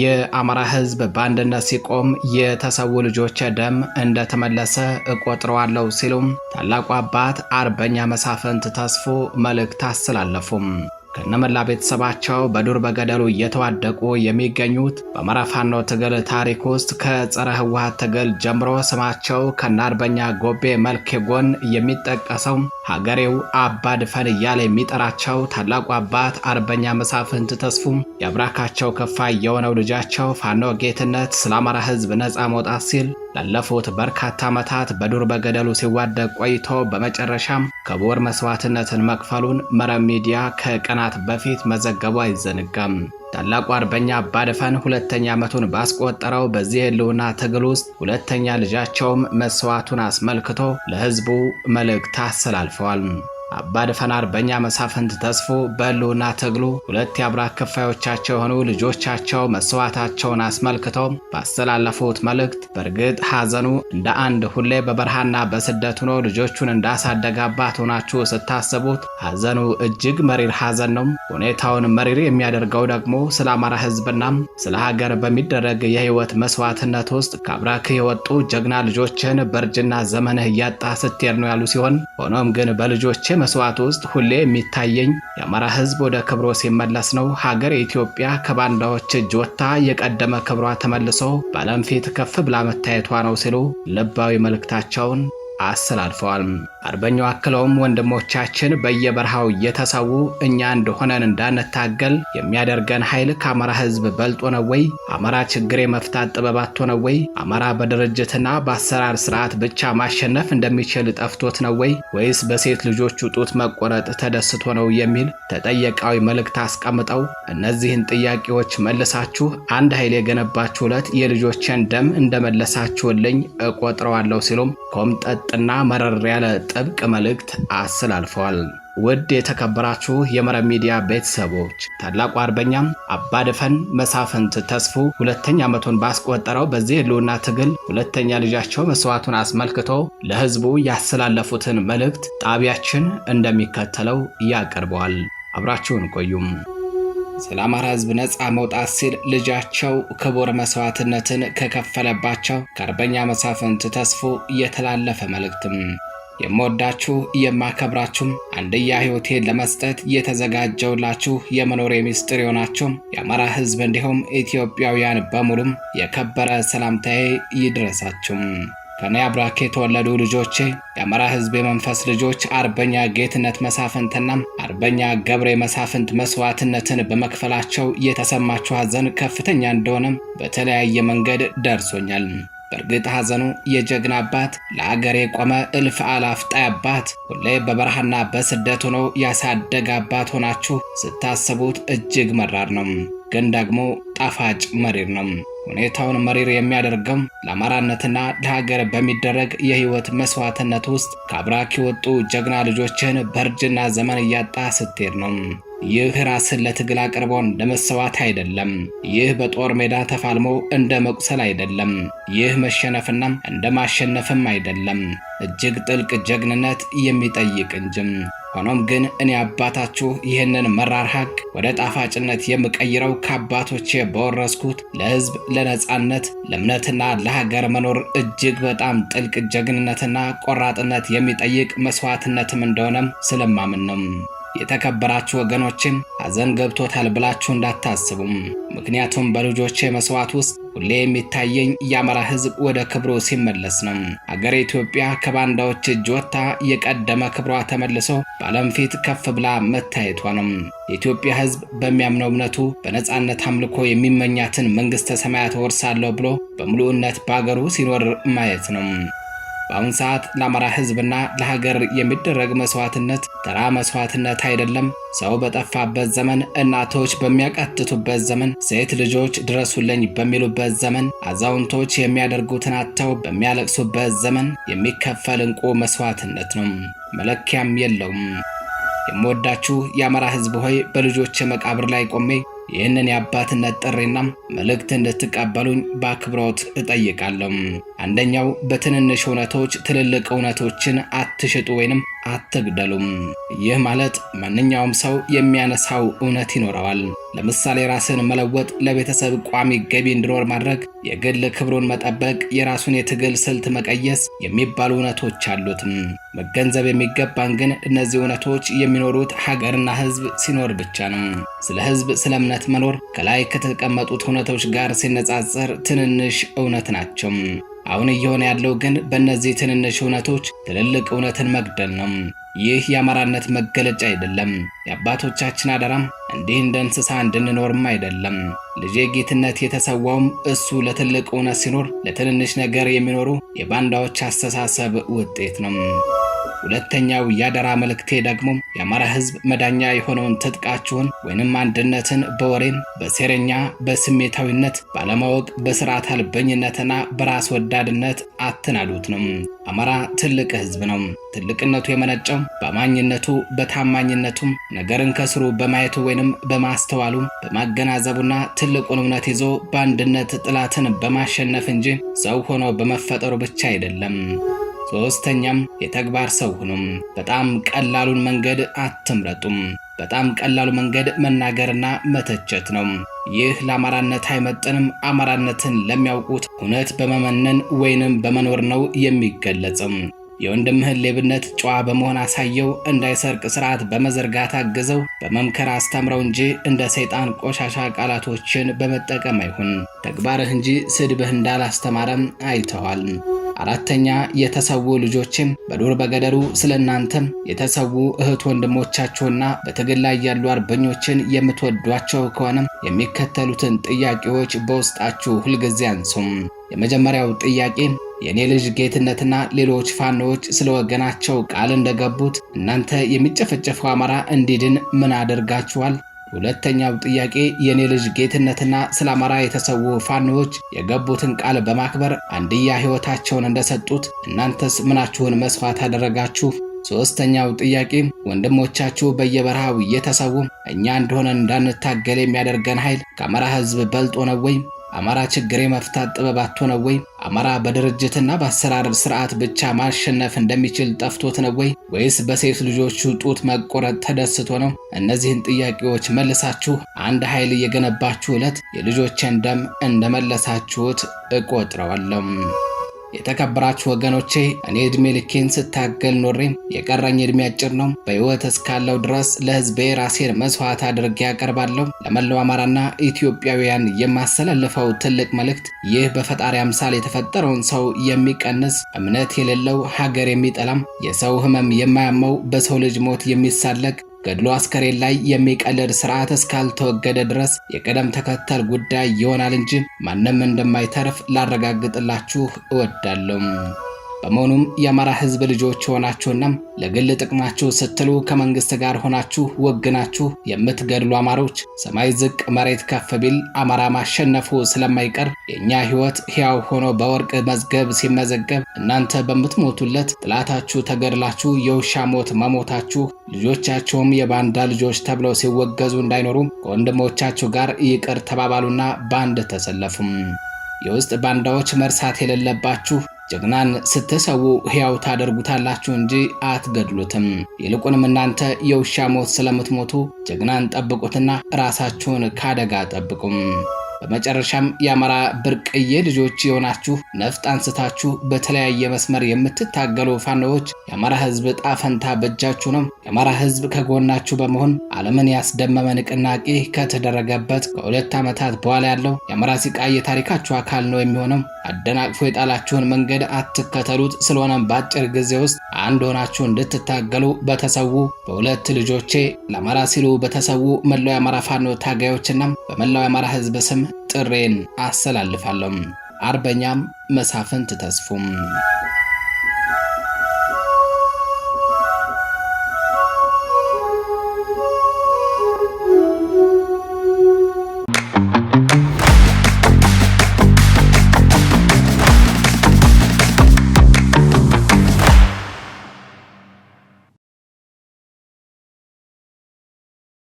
የአማራ ህዝብ በአንድነት ሲቆም የተሰዉ ልጆች ደም እንደተመለሰ እቆጥረዋለሁ ሲሉም ታላቁ አባት አርበኛ መሳፍንት ተስፉ መልእክት አስተላለፉም። ከነመላ ቤተሰባቸው በዱር በገደሉ እየተዋደቁ የሚገኙት በአማራ ፋኖ ትግል ታሪክ ውስጥ ከጸረ ህወሀት ትግል ጀምሮ ስማቸው ከነ ጎቤ መልኬ ጎን የሚጠቀሰው ሀገሬው አባድፈን እያለ የሚጠራቸው ታላቁ አባት አርበኛ መሳፍንት ተስፉ የአብራካቸው ከፋ የሆነው ልጃቸው ፋኖ ጌትነት ስለ አማራ ህዝብ ነፃ መውጣት ሲል ላለፉት በርካታ ዓመታት በዱር በገደሉ ሲዋደቅ ቆይቶ በመጨረሻም ክቡር መስዋዕትነትን መክፈሉን መረብ ሚዲያ ከቀናት በፊት መዘገቡ አይዘነጋም። ታላቁ አርበኛ ባደፈን ሁለተኛ ዓመቱን ባስቆጠረው በዚህ የህልውና ትግል ውስጥ ሁለተኛ ልጃቸውም መስዋዕቱን አስመልክቶ ለህዝቡ መልእክት አስተላልፈዋል። አባ ደፈና አርበኛ መሳፍንት ተስፉ በህልውና ትግሉ ሁለት የአብራክ ክፋዮቻቸው የሆኑ ልጆቻቸው መስዋዕታቸውን አስመልክተው ባስተላለፉት መልእክት በእርግጥ ሐዘኑ እንደ አንድ ሁሌ በበረሃና በስደት ሆኖ ልጆቹን እንዳሳደገ አባት ሆናችሁ ስታስቡት ሐዘኑ እጅግ መሪር ሐዘን ነው። ሁኔታውን መሪር የሚያደርገው ደግሞ ስለ አማራ ህዝብና ስለ ሀገር በሚደረግ የህይወት መስዋዕትነት ውስጥ ከአብራክ የወጡ ጀግና ልጆችህን በእርጅና ዘመንህ እያጣ ስትሄድ ነው ያሉ ሲሆን ሆኖም ግን በልጆቼ መስዋዕት ውስጥ ሁሌ የሚታየኝ የአማራ ህዝብ ወደ ክብሮ ሲመለስ ነው። ሀገር የኢትዮጵያ ከባንዳዎች እጅ ወጥታ የቀደመ ክብሯ ተመልሶ በዓለም ፊት ከፍ ብላ መታየቷ ነው ሲሉ ልባዊ መልእክታቸውን አሰላልፈዋል። አርበኛው አክለውም ወንድሞቻችን በየበረሃው እየተሰዉ እኛ እንደሆነን እንዳንታገል የሚያደርገን ኃይል ከአማራ ሕዝብ በልጦ ነው ወይ? አማራ ችግር የመፍታት ጥበብ አጥቶ ነው ወይ? አማራ በድርጅትና በአሰራር ስርዓት ብቻ ማሸነፍ እንደሚችል ጠፍቶት ነው ወይ? ወይስ በሴት ልጆቹ ጡት መቆረጥ ተደስቶ ነው የሚል ተጠየቃዊ መልእክት አስቀምጠው እነዚህን ጥያቄዎች መልሳችሁ አንድ ኃይል የገነባችሁ ዕለት የልጆችን ደም እንደመለሳችሁልኝ እቆጥረዋለሁ ሲሉም ኮምጠጥ ቀጥና መረር ያለ ጥብቅ መልእክት አስተላልፈዋል። ውድ የተከበራችሁ የመረብ ሚዲያ ቤተሰቦች ታላቁ አርበኛም አባድፈን መሳፍንት ተስፉ ሁለተኛ ዓመቱን ባስቆጠረው በዚህ ህልውና ትግል ሁለተኛ ልጃቸው መስዋዕቱን አስመልክቶ ለህዝቡ ያስተላለፉትን መልእክት ጣቢያችን እንደሚከተለው ያቀርበዋል። አብራችሁን ቆዩም። ስለ አማራ ነፃ መውጣት ሲል ልጃቸው ክቡር መስዋዕትነትን ከከፈለባቸው ከአርበኛ መሳፍንት ተስፉ እየተላለፈ መልእክትም የምወዳችሁ የማከብራችሁም አንድያ ህይወቴን ለመስጠት የተዘጋጀውላችሁ የመኖር ሚስጥር የሆናችሁም የአማራ ህዝብ እንዲሁም ኢትዮጵያውያን በሙሉም የከበረ ሰላምታዬ ይድረሳችሁም። ከኔ አብራኬ የተወለዱ ልጆቼ የአማራ ህዝብ የመንፈስ ልጆች አርበኛ ጌትነት መሳፍንትና አርበኛ ገብሬ መሳፍንት መስዋዕትነትን በመክፈላቸው የተሰማቸው ሐዘን ከፍተኛ እንደሆነም በተለያየ መንገድ ደርሶኛል። በእርግጥ ሐዘኑ የጀግና አባት ለአገር የቆመ እልፍ አላፍ ጣይ አባት ሁሌ በበረሃና በስደት ሆኖ ያሳደገ አባት ሆናችሁ ስታስቡት እጅግ መራር ነው፣ ግን ደግሞ ጣፋጭ መሪር ነው። ሁኔታውን መሪር የሚያደርገው ለአማራነትና ለሀገር በሚደረግ የህይወት መስዋዕትነት ውስጥ ከአብራክ የወጡ ጀግና ልጆችን በእርጅና ዘመን እያጣ ስትሄድ ነው። ይህ ራስን ለትግል አቅርቦ እንደ መሰዋት አይደለም። ይህ በጦር ሜዳ ተፋልሞ እንደ መቁሰል አይደለም። ይህ መሸነፍና እንደ ማሸነፍም አይደለም። እጅግ ጥልቅ ጀግንነት የሚጠይቅ እንጂም። ሆኖም ግን እኔ አባታችሁ ይህንን መራር ሀቅ ወደ ጣፋጭነት የምቀይረው ከአባቶቼ በወረስኩት ለሕዝብ ለነጻነት፣ ለእምነትና ለሀገር መኖር እጅግ በጣም ጥልቅ ጀግንነትና ቆራጥነት የሚጠይቅ መስዋዕትነትም እንደሆነም ስለማምን ነው። የተከበራችሁ ወገኖችን ሐዘን ገብቶታል ብላችሁ እንዳታስቡም። ምክንያቱም በልጆቼ መስዋዕት ውስጥ ሁሌ የሚታየኝ የአማራ ሕዝብ ወደ ክብሩ ሲመለስ ነው። አገር ኢትዮጵያ ከባንዳዎች እጅ ወጥታ የቀደመ ክብሯ ተመልሶ በዓለም ፊት ከፍ ብላ መታየቷ ነው። የኢትዮጵያ ሕዝብ በሚያምነው እምነቱ በነጻነት አምልኮ የሚመኛትን መንግሥተ ሰማያት ወርሳለሁ ብሎ በሙሉእነት በአገሩ ሲኖር ማየት ነው። በአሁን ሰዓት ለአማራ ህዝብና ለሀገር የሚደረግ መስዋዕትነት ተራ መስዋዕትነት አይደለም። ሰው በጠፋበት ዘመን፣ እናቶች በሚያቃትቱበት ዘመን፣ ሴት ልጆች ድረሱልኝ በሚሉበት ዘመን፣ አዛውንቶች የሚያደርጉትን አጥተው በሚያለቅሱበት ዘመን የሚከፈል እንቁ መስዋዕትነት ነው። መለኪያም የለውም። የምወዳችሁ የአማራ ህዝብ ሆይ በልጆች መቃብር ላይ ቆሜ ይህንን የአባትነት ጥሪና መልእክት እንድትቀበሉኝ በአክብሮት እጠይቃለሁ። አንደኛው በትንንሽ እውነቶች ትልልቅ እውነቶችን አትሽጡ ወይንም አትግደሉም። ይህ ማለት ማንኛውም ሰው የሚያነሳው እውነት ይኖረዋል። ለምሳሌ ራስን መለወጥ፣ ለቤተሰብ ቋሚ ገቢ እንዲኖር ማድረግ፣ የግል ክብሩን መጠበቅ፣ የራሱን የትግል ስልት መቀየስ የሚባሉ እውነቶች አሉትም። መገንዘብ የሚገባን ግን እነዚህ እውነቶች የሚኖሩት ሀገርና ሕዝብ ሲኖር ብቻ ነው። ስለ ሕዝብ፣ ስለ እምነት መኖር ከላይ ከተቀመጡት እውነቶች ጋር ሲነጻጸር ትንንሽ እውነት ናቸው። አሁን እየሆነ ያለው ግን በእነዚህ ትንንሽ እውነቶች ትልልቅ እውነትን መግደል ነው። ይህ የአማራነት መገለጫ አይደለም። የአባቶቻችን አደራም እንዲህ እንደ እንስሳ እንድንኖርም አይደለም። ልጄ ጌትነት የተሰዋውም እሱ ለትልቅ እውነት ሲኖር፣ ለትንንሽ ነገር የሚኖሩ የባንዳዎች አስተሳሰብ ውጤት ነው። ሁለተኛው ያደራ መልእክቴ ደግሞ የአማራ ህዝብ መዳኛ የሆነውን ትጥቃችሁን ወይንም አንድነትን በወሬም በሴረኛ በስሜታዊነት ባለማወቅ በስርዓት አልበኝነትና በራስ ወዳድነት አትናዱት ነው። አማራ ትልቅ ህዝብ ነው። ትልቅነቱ የመነጨው በአማኝነቱ በታማኝነቱም ነገርን ከስሩ በማየቱ ወይንም በማስተዋሉ በማገናዘቡና ትልቁን እውነት ይዞ በአንድነት ጥላትን በማሸነፍ እንጂ ሰው ሆኖ በመፈጠሩ ብቻ አይደለም። ሶስተኛም የተግባር ሰው ሁኑም። በጣም ቀላሉን መንገድ አትምረጡም። በጣም ቀላሉ መንገድ መናገርና መተቸት ነው። ይህ ለአማራነት አይመጥንም። አማራነትን ለሚያውቁት እውነት በመመነን ወይንም በመኖር ነው የሚገለጽም። የወንድምህን ሌብነት ጨዋ በመሆን አሳየው፣ እንዳይሰርቅ ስርዓት በመዘርጋት አግዘው፣ በመምከር አስተምረው እንጂ እንደ ሰይጣን ቆሻሻ ቃላቶችን በመጠቀም አይሁን። ተግባርህ እንጂ ስድብህ እንዳላስተማረም አይተዋል። አራተኛ የተሰዉ ልጆችን በዱር በገደሩ ስለ እናንተም የተሰዉ እህት ወንድሞቻችሁና በትግል ላይ ያሉ አርበኞችን የምትወዷቸው ከሆነም የሚከተሉትን ጥያቄዎች በውስጣችሁ ሁልጊዜ አንሱም። የመጀመሪያው ጥያቄ የእኔ ልጅ ጌትነትና ሌሎች ፋኖዎች ስለ ወገናቸው ቃል እንደገቡት እናንተ የሚጨፈጨፈው አማራ እንዲድን ምን አድርጋችኋል? ሁለተኛው ጥያቄ የኔ ልጅ ጌትነትና ስለ አማራ የተሰዉ ፋኖዎች የገቡትን ቃል በማክበር አንድያ ሕይወታቸውን እንደሰጡት እናንተስ ምናችሁን መስዋዕት አደረጋችሁ? ሦስተኛው ጥያቄ ወንድሞቻችሁ በየበረሃው እየተሰዉ እኛ እንደሆነ እንዳንታገል የሚያደርገን ኃይል ከአማራ ሕዝብ በልጦ ነው ወይም አማራ ችግር የመፍታት ጥበብ አጥቶ ነው ወይ? አማራ በድርጅትና በአሰራር ስርዓት ብቻ ማሸነፍ እንደሚችል ጠፍቶት ነው ወይ? ወይስ በሴት ልጆቹ ጡት መቆረጥ ተደስቶ ነው? እነዚህን ጥያቄዎች መልሳችሁ አንድ ኃይል እየገነባችሁ ዕለት የልጆቼን ደም እንደመለሳችሁት እቆጥረዋለሁ። የተከበራችሁ ወገኖቼ እኔ እድሜ ልኬን ስታገል ኖሬ የቀረኝ እድሜ አጭር ነው። በሕይወት እስካለው ድረስ ለሕዝቤ ራሴን መስዋዕት አድርጌ ያቀርባለሁ። ለመላው አማራና ኢትዮጵያውያን የማስተላልፈው ትልቅ መልእክት ይህ በፈጣሪ አምሳል የተፈጠረውን ሰው የሚቀንስ እምነት የሌለው ሀገር የሚጠላም የሰው ሕመም የማያመው በሰው ልጅ ሞት የሚሳለቅ ገድሎ አስከሬን ላይ የሚቀልድ ስርዓት እስካልተወገደ ድረስ የቅደም ተከተል ጉዳይ ይሆናል እንጂ ማንም እንደማይተርፍ ላረጋግጥላችሁ እወዳለሁ። በመሆኑም የአማራ ህዝብ ልጆች የሆናችሁና ለግል ጥቅማችሁ ስትሉ ከመንግስት ጋር ሆናችሁ ወግናችሁ የምትገድሉ አማሮች ሰማይ ዝቅ መሬት ከፍ ቢል አማራ ማሸነፉ ስለማይቀር የእኛ ህይወት ሕያው ሆኖ በወርቅ መዝገብ ሲመዘገብ እናንተ በምትሞቱለት ጥላታችሁ ተገድላችሁ የውሻ ሞት መሞታችሁ ልጆቻቸውም የባንዳ ልጆች ተብለው ሲወገዙ እንዳይኖሩ ከወንድሞቻችሁ ጋር ይቅር ተባባሉና ባንድ ተሰለፉም። የውስጥ ባንዳዎች መርሳት የሌለባችሁ ጀግናን ስትሰዉ ሕያው ታደርጉታላችሁ እንጂ አትገድሉትም። ይልቁንም እናንተ የውሻ ሞት ስለምትሞቱ ጀግናን ጠብቁትና ራሳችሁን ካደጋ ጠብቁም። በመጨረሻም የአማራ ብርቅዬ ልጆች የሆናችሁ ነፍጥ አንስታችሁ በተለያየ መስመር የምትታገሉ ፋኖዎች የአማራ ህዝብ ጣፈንታ ፈንታ በእጃችሁ ነው። የአማራ ህዝብ ከጎናችሁ በመሆን ዓለምን ያስደመመ ንቅናቄ ከተደረገበት ከሁለት ዓመታት በኋላ ያለው የአማራ ሲቃ የታሪካችሁ አካል ነው የሚሆነው። አደናቅፎ የጣላችሁን መንገድ አትከተሉት። ስለሆነም በአጭር ጊዜ ውስጥ አንድ ሆናችሁ እንድትታገሉ በተሰዉ በሁለት ልጆቼ ለአማራ ሲሉ በተሰዉ መላው የአማራ ፋኖ ታጋዮችና በመላው የአማራ ህዝብ ስም ጥሬን አሰላልፋለሁ። አርበኛም መሳፍንት ተስፉም